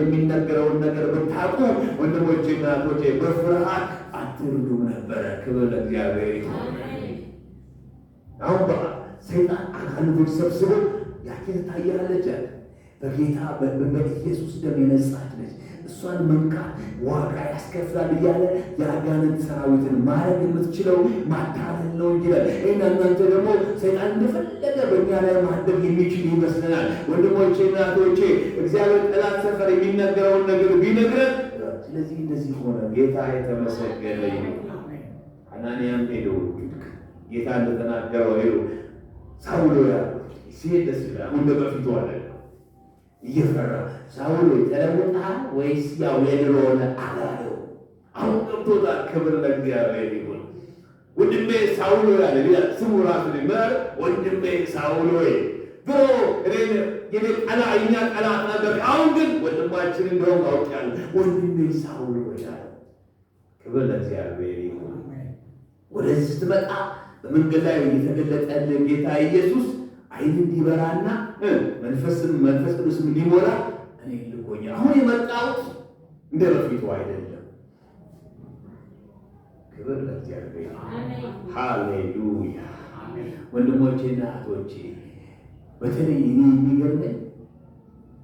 የሚነገረውን ነገር ብታውቁ ወንድሞቼና እህቶቼ በፍርሃት አትወርዱም ነበረ። ክብር ለእግዚአብሔር። አሁን ሰይጣን አጋንንቶች ሰብስቦ ያችን ታያለች በጌታ በኢየሱስ ደም የነጻች ነች። እሷን መንካት ዋጋ ያስከፍላል እያለ የአጋንንት ሰራዊትን ማድረግ የምትችለው ማታለል ነው እንጂ ይህን እናንተ ደግሞ ሰይጣን እንደፈለገ በእኛ ላይ ማድረግ የሚችል ይመስለናል። ወንድሞቼ፣ እናቶቼ እግዚአብሔር ጠላት ሰፈር የሚነገረውን ነገር ቢነግረን ስለዚህ እንደዚህ ሆነ። ጌታ የተመሰገነ ይሁን። አናንያም ሄደው ጌታ እንደተናገረው ሄዶ ሳውሎ ያ ሲሄድ ደስ ይላል። አሁን በፊቱ አለ እየፈራ ዛሁን ተለውጠሃል ወይስ ያው የድሮውን አላለው? አሁን ገብቶታል። ክብር ለእግዚአብሔር ይሁን። ወንድሜ ሳውሎ ያለ ስሙ ራሱ ሊመር ወንድሜ ሳውሎ ብሎ እኔን የኔ ጠላ እኛ ጠላት ነበር። አሁን ግን ወንድማችን እንደውም አውቅያለ ወንድሜ ሳውሎ ያለ ክብር ለእግዚአብሔር ይሁን። ወደዚህ ስትመጣ በመንገድ ላይ የተገለጠልን ጌታ ኢየሱስ አይን እንዲበራና መንፈስ መንፈስ ቅዱስም እንዲሞላ እኔ ልኮኛል። አሁን የመጣሁት እንደ በፊቱ አይደለም። ክብር ለእግዚአብሔር፣ ሃሌሉያ። ወንድሞቼና እህቶቼ በተለይ እኔ የሚገርመኝ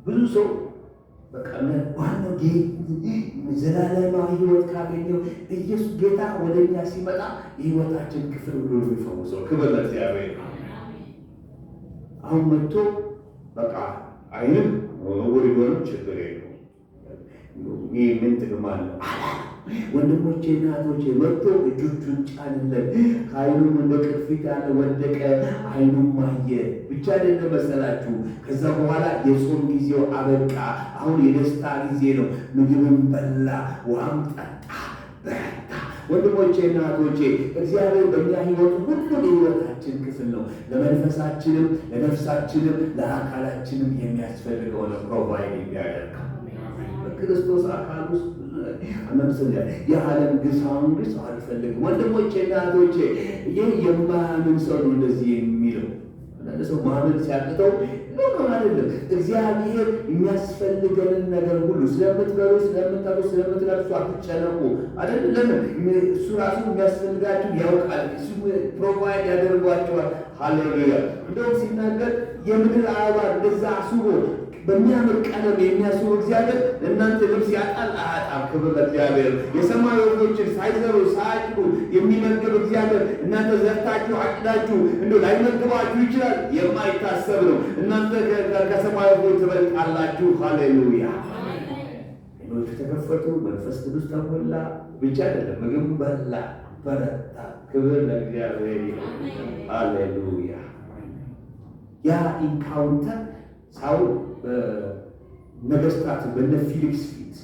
ብዙ ሰው በቃ ዋናው ዘላለማዊ ህይወት ካገኘው ኢየሱስ ጌታ ወደኛ ሲመጣ የህይወታችን ክፍል ብሎ የሚፈውሰው ክብር ለእግዚአብሔር አሁን መጥቶ በቃ አይንም ወሪ ቢሆንም ችግር የለው ይህ ምን ጥቅም አለ? ወንድሞቼ እናቶቼ መጥቶ እጆቹን ጫንለት። ከአይኑም እንደ ቅርፊት ያለ ወደቀ፣ አይኑም አየ። ብቻ ደነ መሰላችሁ። ከዛ በኋላ የጾም ጊዜው አበቃ። አሁን የደስታ ጊዜ ነው። ምግብም በላ፣ ውሃም ጠጣ። ወንድሞቼ እና እህቶቼ እግዚአብሔር በእኛ ህይወት ሁሉ የህይወታችን ክፍል ነው። ለመንፈሳችንም፣ ለነፍሳችንም፣ ለአካላችንም የሚያስፈልገው ነው ፕሮቫይድ የሚያደርገው በክርስቶስ አካል ውስጥ መምሰያ የዓለም ግሳውን ግስ አልፈልግም። ወንድሞቼ እና እህቶቼ ይህ የማያምን ሰው እንደዚህ የሚለው አንዳንድ ሰው ማመን ሲያቅተው ምንም አይደለም። እግዚአብሔር የሚያስፈልገንን ነገር ሁሉ ስለምትበሉ፣ ስለምትጠሉ፣ ስለምትለብሱ አትጨነቁ። አይደል? ለምን እሱ ራሱ የሚያስፈልጋችሁ ያውቃል። እሱ ፕሮቫይድ ያደርጓቸዋል። ሃሌሉያ! እንደውም ሲናገር የምድር አበባ እንደዛ አስቦ በሚያምር ቀለም የሚያስቡ እግዚአብሔር ለእናንተ ልብስ ያጣል አያጣም። ክብር ለእግዚአብሔር። የሰማይ ወፎችን ሳይዘሩ ሳያጭዱ የሚመግብ እግዚአብሔር እናንተ ዘርታችሁ አጭዳችሁ እንደ ላይመግባችሁ ይችላል። የማይታሰብ ነው። እናንተ ከሰማይ ወፎች ትበልጣላችሁ። ሃሌሉያ። ኖቹ ተከፈቱ። መንፈስ ቅዱስ ተሞላ። ብቻ አይደለም ምግብ በላ፣ በረታ። ክብር ለእግዚአብሔር። ሃሌሉያ። ያ ኢንካውንተር ሳውል በነገስታት በነ ፊሊክስ ፊት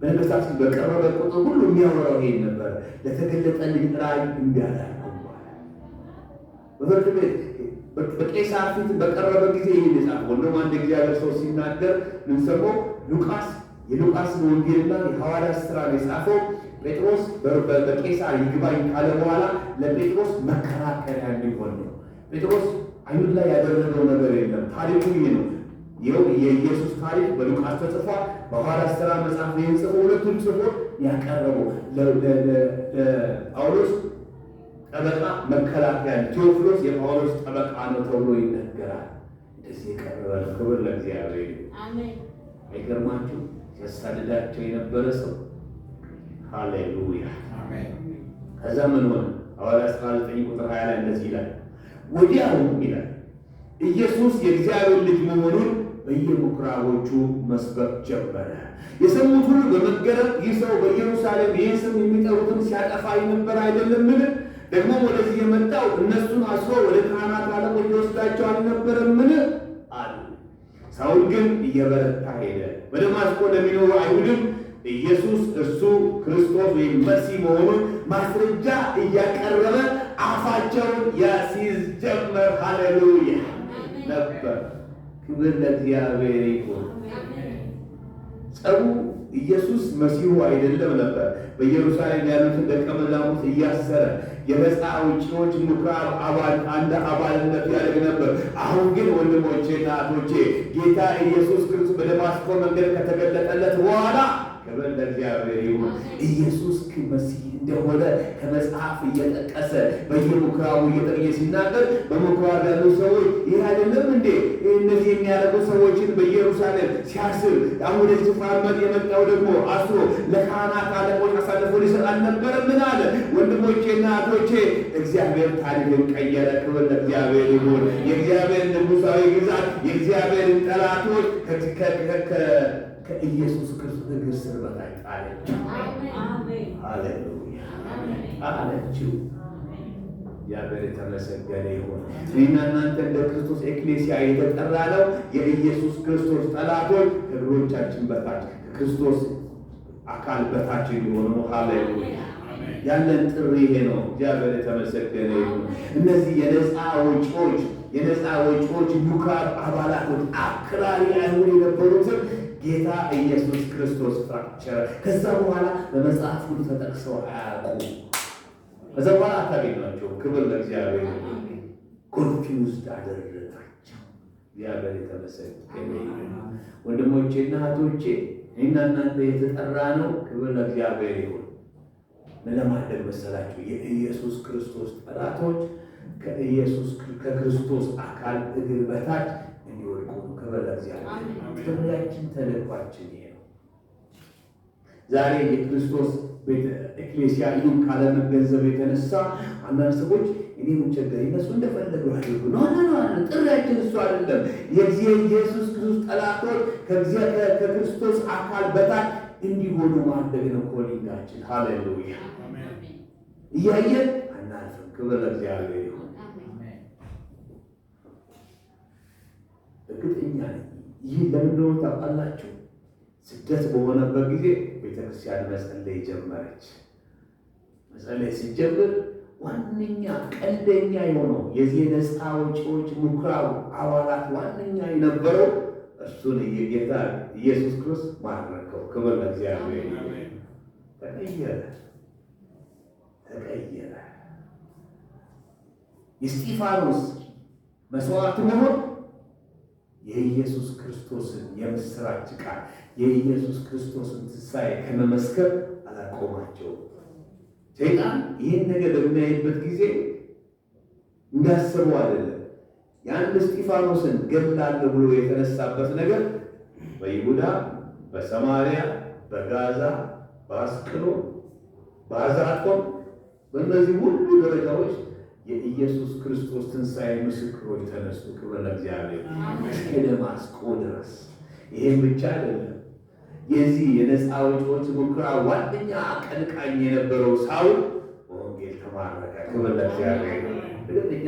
በነገስታት ፊት በቀረበ ቁጥር ሁሉ የሚያወራው ይሄን ነበር። ለተገለጠልኝ ልጅ ራእይ እንቢ በፍርድ ቤት በቄሳር ፊት በቀረበ ጊዜ ይህን የጻፈ ወንድም አንድ እግዚአብሔር ሰው ሲናገር ምንሰማው ሉቃስ የሉቃስ ወንጌልና የሐዋርያት ስራ የጻፈው ጴጥሮስ በቄሳር ይግባኝ ካለ በኋላ ለጴጥሮስ መከራከሪያ እንዲሆን ነው። ጴጥሮስ አይሁድ ላይ ያደረገው ነገር የለም። ታሪኩ ይህ ነው። ይኸው የኢየሱስ ታሪክ በሉቃስ ተጽፏል። በኋላ ስራ መጽሐፍ ይህን ጽፎ ሁለቱም ጽፎ ያቀረቡ ጳውሎስ ጠበቃ መከላከያ ቴዎፍሎስ የጳውሎስ ጠበቃ ነው ተብሎ ይነገራል። እንደዚህ የቀረበ ክብር ለእግዚአብሔር። አይገርማችሁ ያሳድዳቸው የነበረ ሰው ሃሌሉያ። ከዛ ምን ሆነ? ሐዋርያት ሥራ ዘጠኝ ቁጥር ሀያ ላይ እንደዚህ ይላል፣ ወዲያውም ይላል ኢየሱስ የእግዚአብሔር ልጅ መሆኑን በየምኩራቦቹ መስበክ ጀመረ። የሰሙት ሁሉ በመገረም ይህ ሰው በኢየሩሳሌም ይህ ስም የሚጠሩትን ሲያጠፋ ነበር አይደለምን? ደግሞ ወደዚህ የመጣው እነሱን አስሮ ወደ ካህናት አለቆች ሊወስዳቸው አልነበረምን? አሉ። ሳውል ግን እየበረታ ሄደ። በደማስቆ ለሚኖሩ አይሁድም ኢየሱስ እርሱ ክርስቶስ ወይም መሲ መሆኑን ማስረጃ እያቀረበ አፋቸውን ያሲዝ ጀመር። ሃሌሉያ ነበር። ክብር ለእግዚአብሔር ይሁን። ጸቡ ኢየሱስ መሲሁ አይደለም ነበር። በኢየሩሳሌም ያሉትን ደቀ መዛሙርት እያሰረ የነፃ አውጪዎች ምኩራብ አባል አንድ አባልነት ያደርግ ነበር። አሁን ግን ወንድሞቼና እህቶቼ ጌታ ኢየሱስ ክርስቶስ በደማስቆ መንገድ ከተገለጠለት በኋላ ክብር ለእግዚአብሔር ይሁን። ኢየሱስ መሲህ እንደሆነ ከመጽሐፍ እየጠቀሰ በየምኩራቡ እየጠቅየ ሲናገር በምኩራብ ያሉ ሰዎች ይህ አይደለም እንዴ እነዚህ የሚያደርጉ ሰዎችን በኢየሩሳሌም ሲያስብ አሁን ወደዚህ የመጣው ደግሞ አስሮ ለካህናት አለቆች አሳልፎ ሊሰጥ አልነበረም? ምን አለ? ወንድሞቼና እህቶቼ እግዚአብሔር ታሪክን ቀየረ። ክብር ለእግዚአብሔር ይሁን። የእግዚአብሔር ንጉሳዊ ግዛት የእግዚአብሔርን ጠላቶች ከኢየሱስ ክርስቶስ እግር ስር በታች ጣለችው። ሃሌሉያ ጣለችው። እግዚአብሔር የተመሰገነ ይሁን። እኔና እናንተ እንደ ክርስቶስ ኤክሌሲያ የተጠራነው የኢየሱስ ክርስቶስ ጠላቶች እግሮቻችን በታች ክርስቶስ አካል በታች የሚሆኑ ሃሌሉያ ያለን ጥሪ ይሄ ነው። እግዚአብሔር የተመሰገነ ይሁን። እነዚህ የነፃ ወጪዎች የነፃ ወጪዎች ሉካር አባላቶች አክራሪ አይሁን የነበሩትን ጌታ ኢየሱስ ክርስቶስ ፍራክቸር ከዛ በኋላ በመጽሐፍ ሁሉ ተጠቅሰው አያውቁ። ከዛ በኋላ አታገኟቸው። ክብር ለእግዚአብሔር። ኮንፊውዝድ አደረጋቸው። እግዚአብሔር የተመሰገነ ወንድሞቼ እና እህቶቼ፣ እኔና እናንተ የተጠራ ነው። ክብር ለእግዚአብሔር ይሁን። ለማድረግ መሰላቸው የኢየሱስ ክርስቶስ ጠላቶች ከኢየሱስ ከክርስቶስ አካል እግር በታች የተከበረ እግዚአብሔር ጥሪያችን፣ ተልኳችን ይሄ ነው። ዛሬ የክርስቶስ ኤክሌሲያ ይሁን ካለመገንዘብ የተነሳ አንዳንድ ሰዎች እኔ ምቸገር እንደፈለጉ አድርጉ። ኖ ኖ ኖ፣ ጥሪያችን እሱ አይደለም። ክርስቶስ ጠላቶች ከክርስቶስ አካል በታች እንዲሆኑ ማድረግ ነው ኮሊንጋችን። ሃሌሉያ! እያየን አናልፍም። ክብር ለእግዚአብሔር። እርግጠኛ ነኝ። ይህ ለምንድነው ታውቃላችሁ? ስደት በሆነበት ጊዜ ቤተክርስቲያን መጸለይ ጀመረች። መጸለይ ሲጀምር ዋነኛ ቀንደኛ የሆነው የዚህ ነፃ አውጪዎች ምኩራብ አባላት ዋነኛ የነበረው እሱን የጌታ ኢየሱስ ክርስቶስ ማረከው። ክብር ለእግዚአብሔር። ተቀየረ ተቀየረ። የእስጢፋኖስ መስዋዕት መሆን የኢየሱስ ክርስቶስን የምስራች ቃል የኢየሱስ ክርስቶስን ትንሣኤ ከመመስከር አላቆማቸውም። ሰይጣን ይህን ነገር በሚያይበት ጊዜ እንዳሰበው አይደለም። ያን እስጢፋኖስን ገድላለሁ ብሎ የተነሳበት ነገር በይሁዳ፣ በሰማርያ፣ በጋዛ፣ በአስቅሎ፣ በአዛቆም በእነዚህ ሁሉ ደረጃዎች የኢየሱስ ክርስቶስ ትንሣኤ ምስክሮች ተነሱ። ክብር ለእግዚአብሔር። እስከ ደማስቆ ድረስ ይህም ብቻ አይደለም። የዚህ የነፃ ወጪዎች ሙከራ ዋነኛ አቀንቃኝ የነበረው ሳውል በወንጌል ተማረከ። ክብር ለእግዚአብሔር። እርግጠኛ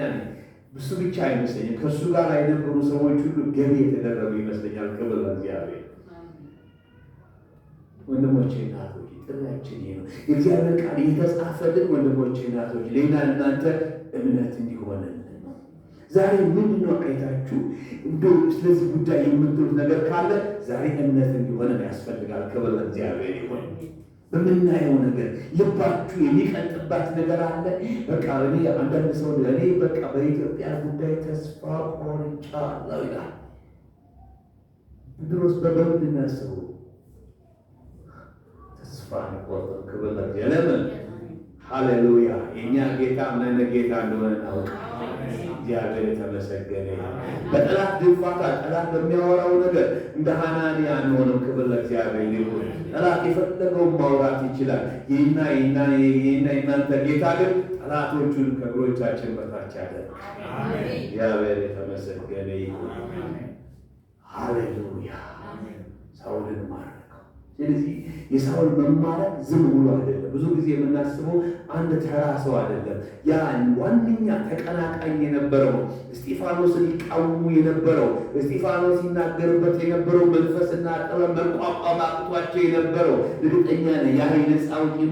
እሱ ብቻ አይመስለኝም። ከእሱ ጋር የነበሩ ሰዎች ሁሉ ገቢ የተደረጉ ይመስለኛል። ክብር ለእግዚአብሔር። ወንድሞቼ እናቶች ጥሪያችን ይሄ ነው። እግዚአብሔር ቃል የተጻፈልን ወንድሞቼ እናቶች፣ ሌላ እናንተ እምነት እንዲሆንልን ነው። ዛሬ ነው አይታችሁ እንደ ስለዚህ ጉዳይ የምትሉት ነገር ካለ ዛሬ እምነት እንዲሆነን ያስፈልጋል። ክብር እግዚአብሔር ይሆን። በምናየው ነገር ልባችሁ የሚቀጥባት ነገር አለ። በቃ እኔ አንዳንድ ሰው እኔ በቃ በኢትዮጵያ ጉዳይ ተስፋ ቆርጫለሁ ይላል። ድሮስ በምንድን ሰው አንቆጥም። ክብር ለእግዚአብሔር። ለምን? ሃሌሉያ! የእኛ ጌታ ምን አይነት ጌታ እንደሆነ እናውቃለን። እግዚአብሔር የተመሰገነ ይሁን። በጠላት ድንፋታ፣ ጠላት በሚያወራው ነገር እንደ ሐናንያ አንሆንም። ክብር ለእግዚአብሔር ይሁን። ጠላት የፈለገውን ማውራት ይችላል። ይህና ይህና ይህና የእናንተ ጌታ ግን ጠላቶቹን ከእግሮቻችን በታች ያደርግ። እግዚአብሔር የተመሰገነ ይሁን። ሃሌሉያ! ሰውንን ማር ስለዚህ የሳውል መማረክ ዝም ብሎ አይደለም። ብዙ ጊዜ የምናስበው አንድ ተራ ሰው አይደለም። ያ ዋነኛ ተቀናቃኝ የነበረው እስጢፋኖስን ይቃወሙ የነበረው እስጢፋኖስ ሲናገርበት የነበረው መንፈስና ጥበብ መቋቋም አቅቷቸው የነበረው እርግጠኛ ነኝ ያ የነጻ አውጪ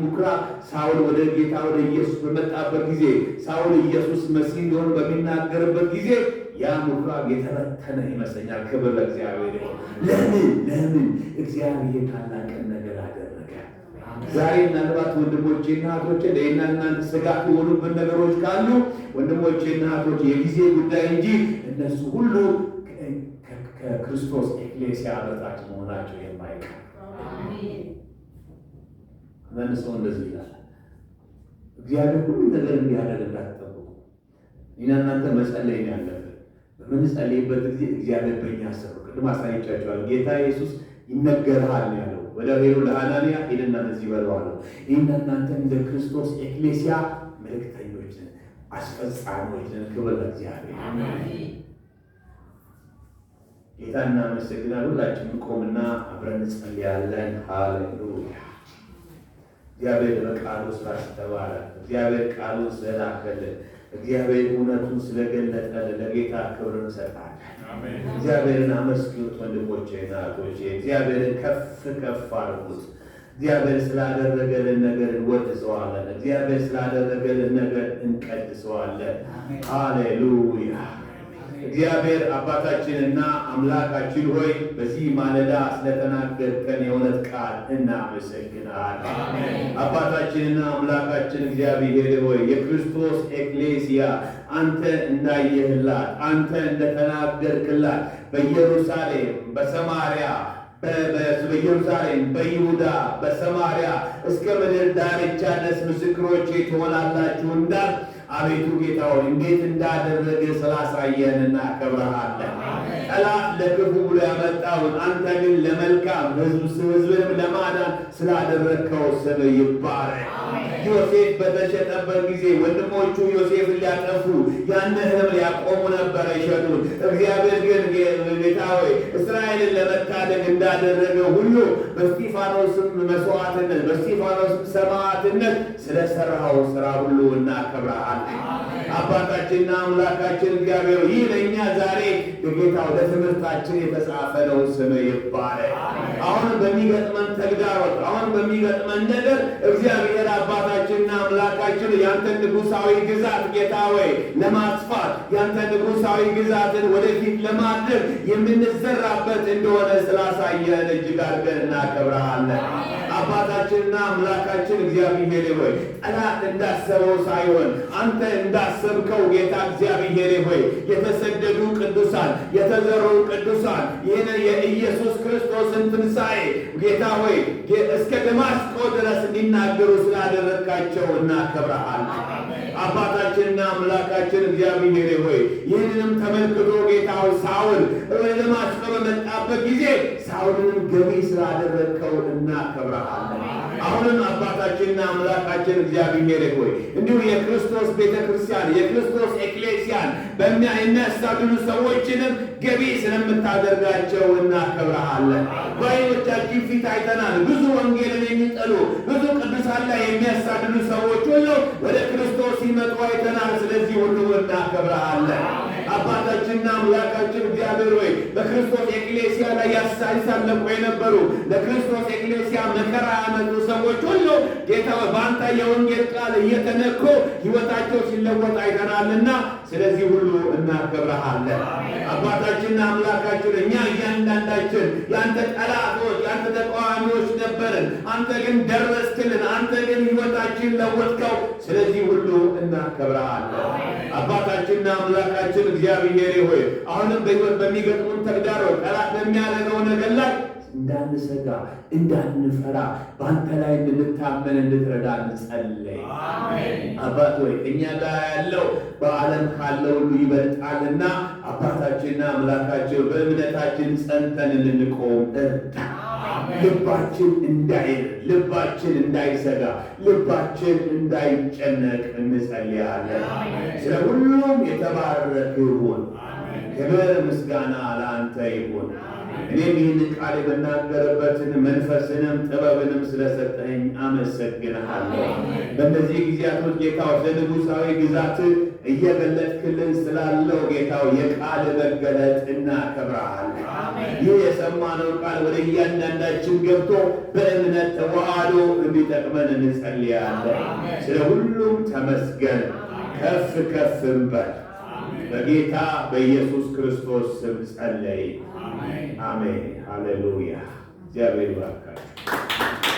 ሳውል ወደ ጌታ ወደ ኢየሱስ በመጣበት ጊዜ ሳውል ኢየሱስ መሲህ እንደሆነ በሚናገርበት ጊዜ ያ ምኩራብ የተበተነ ይመስለኛል። ክብር ለእግዚአብሔር ይሆን። ለምን ለምን እግዚአብሔር ታላቅን ነገር አደረገ። ዛሬ ምናልባት ወንድሞቼ እና እህቶቼ ለእና እናንተ ስጋት የሆኑብን ነገሮች ካሉ ወንድሞቼ እና እህቶቼ የጊዜ ጉዳይ እንጂ እነሱ ሁሉ ከክርስቶስ ኤክሌሲያ በታች መሆናቸው የማይቀር መልሰው እንደዚህ ይላል። እግዚአብሔር ሁሉ ነገር እንዲያደርግ እንዳትጠብቁ። እኛ እናንተ መጸለይ ያለን በምንጸልይበት ጊዜ እግዚአብሔር በእኛ አሰሩ። ቅድም አሳይቻቸዋል። ጌታ ኢየሱስ ይነገርሃል ያለው ወለቤሩ ለአናንያ ሄደና በዚህ በለዋ ነው። ይህን እናንተ እንደ ክርስቶስ ኤክሌሲያ መልእክተኞች ነን፣ አስፈጻሚዎች ነን። ክብር ለእግዚአብሔር። ጌታ እናመሰግናል። ሁላችን ቆምና አብረን እንጸልያለን። ሃሌሉያ። እግዚአብሔር በቃሉ ስራ ስተባረ እግዚአብሔር ቃሉ ስለላከልን እግዚአብሔር እውነቱን ስለገለጠ ለጌታ ክብር እንሰጣለን። እግዚአብሔርን አመስግኑት ወንድሞቼ፣ እናቶቼ። እግዚአብሔርን ከፍ ከፍ አድርጉት። እግዚአብሔር ስላደረገልን ነገር እንወድሰዋለን። እግዚአብሔር ስላደረገልን ነገር እንቀድሰዋለን። አሌሉያ። እግዚአብሔር አባታችንና አምላካችን ሆይ በዚህ ማለዳ ስለተናገርከን የእውነት ቃል እናመሰግናለን። አባታችንና አምላካችን እግዚአብሔር ሆይ የክርስቶስ ኤክሌሲያ አንተ እንዳየህላት፣ አንተ እንደተናገርክላት በኢየሩሳሌም በሰማርያ በኢየሩሳሌም በይሁዳ በሰማርያ እስከ ምድር ዳርቻ ድረስ ምስክሮች ትሆናላችሁ እንዳል አቤቱ ሆይ እንዴት እንዳደረገ ስላሳየንና ከብረሃለን ጠላት ለክፉ ብሎ ያመጣውን አንተ ግን ለመልካም ሕዝብንም ለማዳን ስላደረግከው ስም ይባረክ። ዮሴፍ በተሸጠበት ጊዜ ወንድሞቹ ዮሴፍን ሊያጠፉ ያን ህልም ሊያቆሙ ነበር ይሸጡት። እግዚአብሔር ግን ጌታ ሆይ እስራኤልን ለመታደግ እንዳደረገ ሁሉ በስጢፋኖስም መስዋዕትነት በስጢፋኖስም ሰማዕትነት ስለሰራኸው ስራ ሁሉ እናከብረሃለን። አባታችንና አምላካችን እግዚአብሔር ይህ ለእኛ ዛሬ በጌታ ወደ ትምህርታችን የተጻፈ ነው። ስም ይባላል። አሁን በሚገጥመን ተግዳሮት፣ አሁን በሚገጥመን ነገር እግዚአብሔር አባታችንና አምላካችን ያንተ ንጉሳዊ ግዛት ጌታ ወይ ለማስፋት ያንተ ንጉሳዊ ግዛትን ወደፊት ለማድረግ የምንዘራበት እንደሆነ ስላሳየን እጅግ አድርገን እናከብረሃለን። አባታችንና አምላካችን እግዚአብሔር ሆይ ጠላት እንዳሰበው ሳይሆን አንተ እንዳሰብከው ጌታ እግዚአብሔር ሆይ የተሰደዱ ቅዱሳን የተዘሩ ቅዱሳን ይህን የኢየሱስ ክርስቶስን ትንሣኤ ጌታ ሆይ እስከ ደማስቆ ድረስ እንዲናገሩ ስላደረግካቸው እናከብረሃል። አባታችንና አምላካችን እግዚአብሔር ሆይ ይህንንም ተመልክቶ ጌታው ሳውል ለማስፈር በመጣበት ጊዜ ሳውልንም ገቢ ስላደረግከው እናከብረሃለን። አሁንም አባታችንና አምላካችን እግዚአብሔር ሆይ እንዲሁ የክርስቶስ ቤተ ክርስቲያን የክርስቶስ ኤክሌሲያን የሚያሳድኑ ሰዎችንም ገቢ ስለምታደርጋቸው እናከብረሃለን። በዓይኖቻችን ፊት አይተናል። ብዙ ወንጌልን የሚጠሉ ብዙ ቅዱሳን ላይ የሚያሳድኑ ሰዎች ሁሉ ወደ ክርስቶስ ሲመጡ አይተናል። ስለዚህ ሁሉ እናከብረሃለን። አባታችንና አምላካችን እግዚአብሔር ሆይ በክርስቶስ ኤክሌሲያ ላይ ያሳለቁ የነበሩ ለክርስቶስ ኤክሌሲያ መከራ ያመጡ ሰዎች ሁሉ ጌታ በአንተ የወንጌል ቃል እየተነኩ ሕይወታቸው ሲለወጥ አይተናልና ስለዚህ ሁሉ እናከብረሃለን። አባታችንና አምላካችን እኛ እያንዳንዳችን የአንተ ጠላቶች የአንተ ተቃዋሚዎች ነበርን። አንተ ግን ደረስክልን። አንተ ግን ሕይወታችን ለወጥከው። ስለዚህ ሁሉ እናከብረሃለን አባታችንና አምላካችን እግዚአብሔር ሆይ አሁንም በሕይወት በሚገጥሙን ተግዳሮት ጠላት በሚያደርገው ነገር ላይ እንዳንሰጋ እንዳንፈራ በአንተ ላይ እንድንታመን እንድትረዳ እንጸልይ። አባት ወይ እኛ ጋር ያለው በዓለም ካለው ሁሉ ይበልጣልና አባታችንና አምላካችን በእምነታችን ጸንተን እንድንቆም እርዳ። ልባችን እንዳይል፣ ልባችን እንዳይሰጋ፣ ልባችን እንዳይጨነቅ እንጸልያለን። ስለ ሁሉም የተባረክ ይሁን። ክብር ምስጋና ለአንተ ይሁን። እኔም ይህን ቃል የምናገርበትን መንፈስንም ጥበብንም ስለሰጠኝ አመሰግንሃለሁ። በእነዚህ ጊዜያቶች ጌታው ለንጉሳዊ ግዛት እየገለጥክልን ስላለው ጌታው የቃል መገለጥ እናከብረሃለን። ይህ የሰማነው ቃል ወደ እያንዳንዳችን ገብቶ በእምነት ተዋህዶ እንዲጠቅመን እንጸልያለን። ስለ ሁሉም ተመስገን፣ ከፍ ከፍ እንበል። በጌታ በኢየሱስ ክርስቶስ ስም ጸለይ። አሜን፣ አሜን። ሃሌሉያ። እግዚአብሔር ይባርካችሁ።